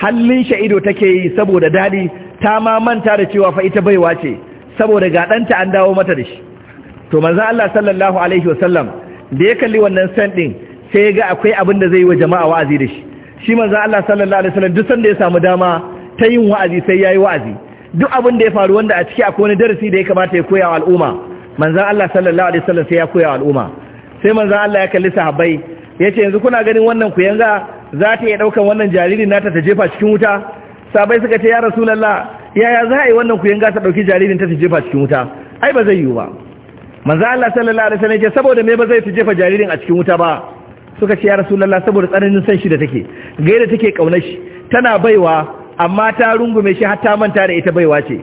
hallin sha ido take yi saboda dadi ta ma manta da cewa fa ita baiwa ce saboda ga ɗanta an dawo mata da shi to manzan Allah sallallahu alaihi wasallam da ya kalli wannan san din sai ga akwai abin da zai yi wa jama'a wa'azi da shi shi manzan Allah sallallahu alaihi wasallam duk sanda ya samu dama ta yin wa'azi sai yayi wa'azi duk abin da ya faru wanda a ciki akwai wani darasi da ya kamata ya koya wa al'umma manzan Allah sallallahu alaihi wasallam sai ya koya wa al'umma sai manzan Allah ya kalli sahabbai ya ce yanzu kuna ganin wannan yanga za ta iya ɗaukan wannan jaririn nata ta jefa cikin wuta sabai suka ce ya lalla. yaya za a yi wannan yanga ta ɗauki jaririn ta jefa cikin wuta ai ba zai yi ba manzo Allah sallallahu alaihi wasallam ya saboda me ba zai jefa jaririn a cikin wuta ba suka ce ya rasu lalla saboda tsananin san shi da take da take kauna shi tana baiwa amma ta rungume shi har ta manta da ita baiwa ce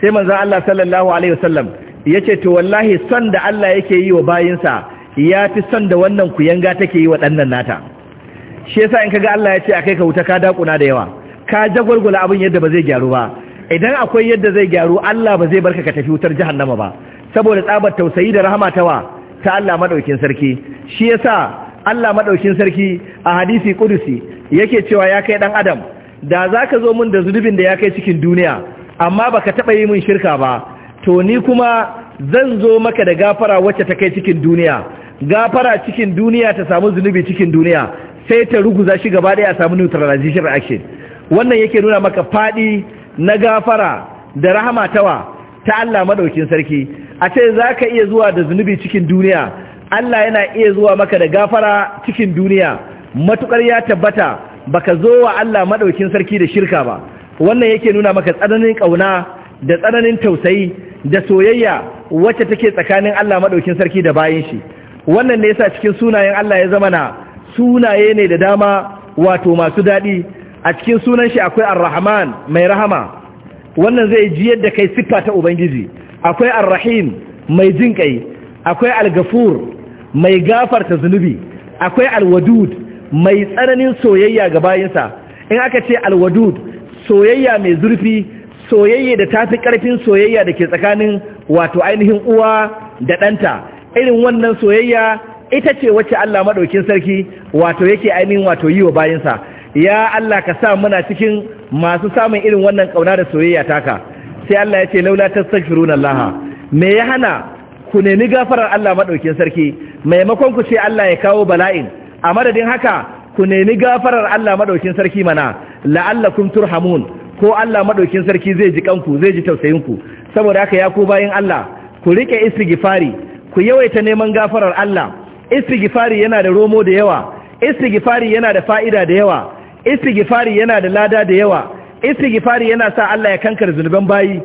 sai manzo Allah sallallahu alaihi wasallam yace to wallahi son da Allah yake yi wa bayinsa ya fi son da wannan kuyanga take yi wa ɗannan nata shi yasa in kaga Allah ya ce akai ka wuta ka dakuna da yawa ka jagwalgwala abin yadda ba zai gyaru ba idan akwai yadda zai gyaru Allah ba zai barka ka tafi wutar jahannama ba saboda tsabar tausayi da rahama tawa ta Allah madaukin sarki shi yasa Allah madaukin sarki a hadisi kudusi yake cewa ya kai dan adam da zaka zo mun da zunubin da ya kai cikin duniya amma baka taba yi mun shirka ba to ni kuma zan zo maka da gafara wacce ta kai cikin duniya gafara cikin duniya ta samu zunubi cikin duniya sai ta ruguza shi gaba daya a samu neutralization reaction wannan yake nuna maka faɗi na gafara da rahama tawa ta Allah madaukin sarki a ce za ka iya zuwa da zunubi cikin duniya Allah yana iya zuwa maka da gafara cikin duniya matukar ya tabbata baka zo wa Allah madaukin sarki da shirka ba wannan yake nuna maka tsananin kauna da tsananin tausayi da soyayya wacce take tsakanin Allah madaukin sarki da bayin shi wannan ne yasa cikin sunayen Allah ya zama na sunaye ne da dama wato masu dadi a cikin sunan shi akwai ar-rahman mai rahama wannan zai ji yadda kai siffa ta ubangiji akwai ar-rahim mai jin kai akwai al-ghafur mai gafarta zunubi akwai al-wadud mai tsananin soyayya ga bayinsa in aka ce al-wadud soyayya mai zurfi soyayya da tafi karfin soyayya da ke tsakanin wato ainihin uwa da ɗanta irin wannan soyayya ita ce wacce Allah maɗaukin sarki wato yake ainihin wato yi wa bayinsa ya Allah ka sa muna cikin masu samun irin wannan kauna da soyayya taka sai Allah ya ce laula tastaghfiruna Allah me ya hana ku nemi gafarar Allah madaukin sarki maimakon ku ce Allah ya kawo bala'in a madadin haka ku nemi gafarar Allah madaukin sarki mana la'allakum turhamun ko Allah madaukin sarki zai ji kanku zai ji tausayin ku saboda haka ya ku bayin Allah ku rike istighfari ku yawaita neman gafarar Allah istighfari yana da romo da yawa istighfari yana da fa'ida da yawa istighfari yana da lada da yawa istighfari yana sa Allah ya kankar zunuban bayi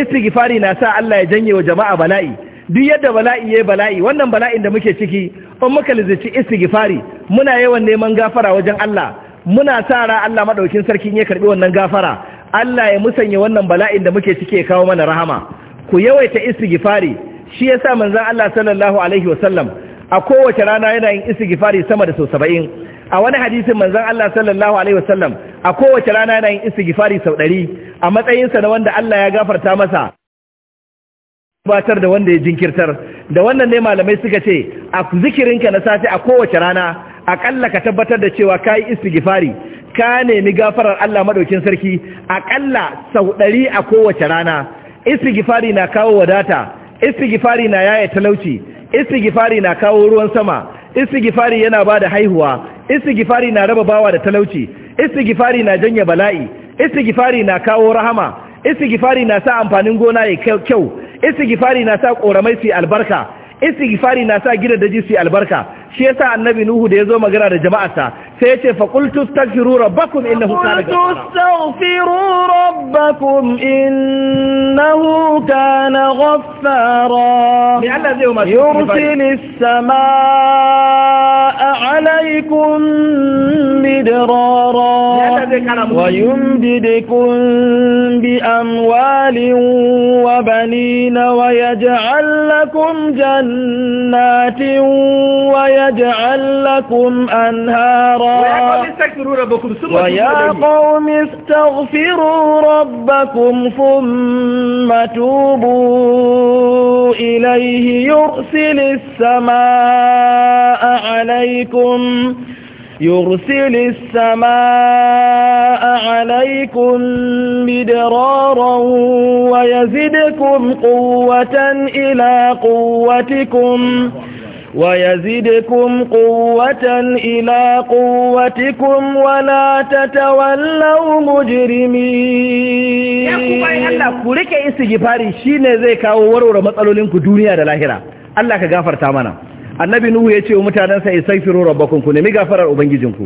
istighfari na sa Allah ya janye wa jama'a bala'i duk yadda bala'i yayi bala'i wannan bala'in da muke ciki in muka lizici istighfari muna yawan neman gafara wajen Allah muna sa ra Allah madaukin sarki ya karbi wannan gafara Allah ya musanya wannan bala'in da muke ciki ya kawo mana rahama ku yawaita istighfari shi yasa manzon Allah sallallahu alaihi wasallam a kowace rana yana yin istighfari sama da sau 70 a wani hadisin manzon Allah sallallahu alaihi wasallam a kowace rana yana yin istighfari sau ɗari a matsayinsa na wanda Allah ya gafarta masa batar da wanda ya jinkirtar da wannan ne malamai suka ce a zikirinka na safe a kowace rana a akalla ka tabbatar da cewa kayi istighfari ka nemi gafarar Allah madaukin sarki akalla sau ɗari a kowace rana istighfari na kawo wadata istighfari na yaya talauci istighfari na kawo ruwan sama istigifari yana ba da haihuwa istigifari na raba bawa da talauci istigifari na janye bala'i istigifari na kawo rahama istigifari na sa amfanin gona ya kyau istigifari na sa ƙoramai su albarka istigifari na sa gidan daji su albarka shi yasa annabi nuhu da ya zo magana da jama'arsa سيتي فقلت استغفروا ربكم إنه كان غفارا قلت استغفروا ربكم إنه كان غفارا يرسل السماء عليكم مدرارا ويمددكم بأموال وبنين ويجعل لكم جنات ويجعل لكم أنهارا ويا قوم استغفروا ربكم ثم توبوا إليه يرسل السماء عليكم يرسل السماء عليكم مدرارا ويزدكم قوة إلى قوتكم ويزدكم قوة إلى قوتكم ويزدكم قوة إلى قوتكم ولا تتولوا مجرمين Allah ku rike istighfari shine zai kawo warware matsalolin ku duniya da lahira Allah ka gafarta mana Annabi Nuhu ya ce wa mutanansa istaghfiru rabbakum ku nemi gafarar ubangijinku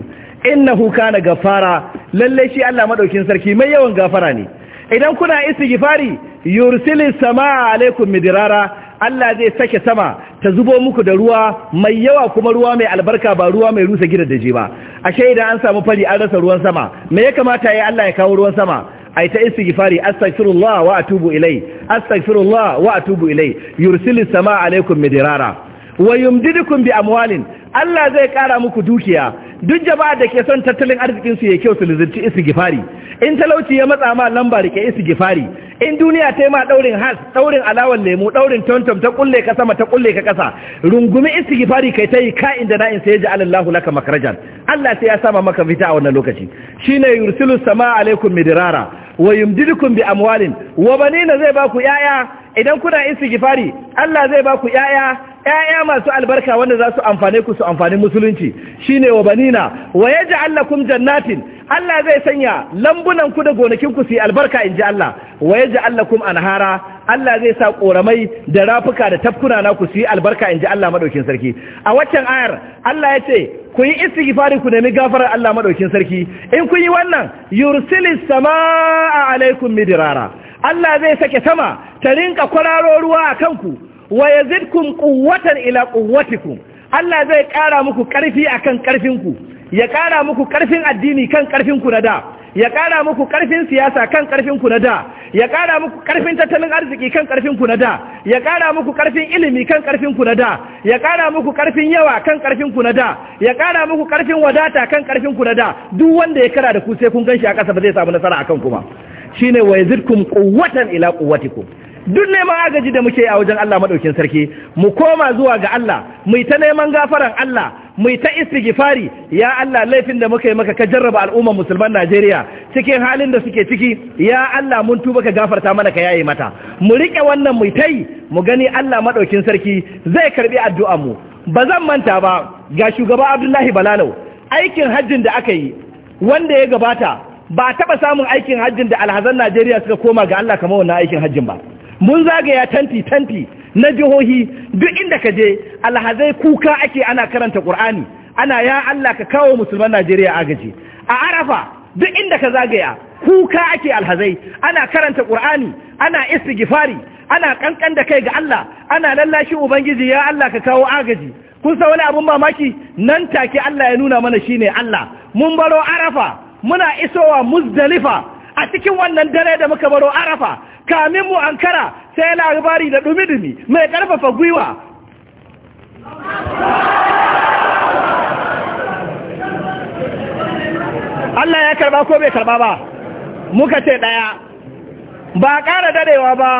innahu kana gafara lalle shi Allah madaukin sarki mai yawan gafara ne idan kuna istighfari yursilis samaa alaikum Midirara. Allah zai sake sama ta zubo muku da ruwa mai yawa kuma ruwa mai albarka ba ruwa mai rusa gidaje ba ashe idan an samu fari an rasa ruwan sama me ya kamata ya Allah ya kawo ruwan sama ai ta istighfari astaghfirullah wa atubu ilai astaghfirullah wa atubu ilai yursilis samaa alaikum midirara wa yumdidukum bi amwalin Allah zai kara muku dukiya duk jama'a da ke son tattalin arzikin su ya kyau su isa istighfari in talauci ya matsa ma lamba rike gifari. in duniya ta yi ma ɗaurin has ɗaurin alawan lemu ɗaurin tontom ta kulle ka sama ta kulle ka ƙasa rungumi istighfari kai ta yi ka'in da in sai ya ji alallahu laka makarajan Allah sai ya sama maka fita a wannan lokaci shine yursilu sama alaikum midirara wa yumdidukum bi amwalin wa banina zai ba ku yaya idan kuna istighfari Allah zai ba ku yaya yaya masu albarka wanda za su amfane ku su amfani musulunci shine wa banina wa yaj'al lakum jannatin Allah zai sanya lambunan ku da gonakin ku su albarka inji Allah wa yaj'al lakum anhara Allah zai sa koramai da rafuka da tafkuna na ku su albarka inji Allah madaukin sarki a waccan ayar Allah ya ce ku yi istighfari ku nemi gafarar Allah madaukin sarki in kun yi wannan yursilis samaa alaikum midirara. Allah zai sake sama ta rinka kwararo ruwa a kanku wa yazidkum quwwatan ila quwwatikum Allah zai ƙara muku ƙarfi kan ƙarfinku ya ƙara muku ƙarfin addini kan ƙarfinku na da ya ƙara muku ƙarfin siyasa kan ƙarfinku na da ya ƙara muku ƙarfin tattalin arziki kan ƙarfinku na da ya ƙara muku ƙarfin ilimi kan ƙarfinku na da ya ƙara muku ƙarfin yawa kan ƙarfinku na da ya ƙara muku ƙarfin wadata kan ƙarfinku na da duk wanda ya kara da ku sai kun ganshi a ƙasa ba zai samu nasara akan kuma shine wa yazidkum quwwatan ila quwwatikum duk neman agaji da muke a wajen Allah madaukin sarki mu koma zuwa ga Allah mu ta neman gafaran Allah mu ta istighfari ya Allah laifin da muka yi maka ka jarraba al'umma musulman Najeriya cikin halin da suke ciki ya Allah mun tuba ka gafarta mana ka yaye mata mu rike wannan mu tai mu gani Allah madaukin sarki zai karɓi addu'ar mu ba zan manta ba ga shugaba Abdullahi Balalau aikin hajjin da aka yi wanda ya gabata ba a taɓa samun aikin hajjin da alhazan najeriya suka koma ga allah kamar wannan aikin hajjin ba mun zagaya tanti-tanti na jihohi duk inda ka je alhazai kuka ake ana karanta Kur'ani, ana ya allah ka kawo musulman najeriya agaji a arafa duk inda ka zagaya kuka ake alhazai ana karanta ƙur'ani ana istighfari ana ƙanƙan da kai ga allah ana lallashi ubangiji ya allah ka kawo agaji kun sa wani abin mamaki nan take allah ya nuna mana shi ne allah mun baro arafa muna isowa muzdalifa a cikin wannan dare da muka baro arafa kamin mu ankara sai labari da dumi-dumi mai karfafa gwiwa Allah ya karba ko bai karba ba muka ce daya ba ƙara darewa ba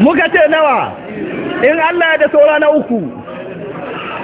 muka ce nawa in Allah ya da saura na uku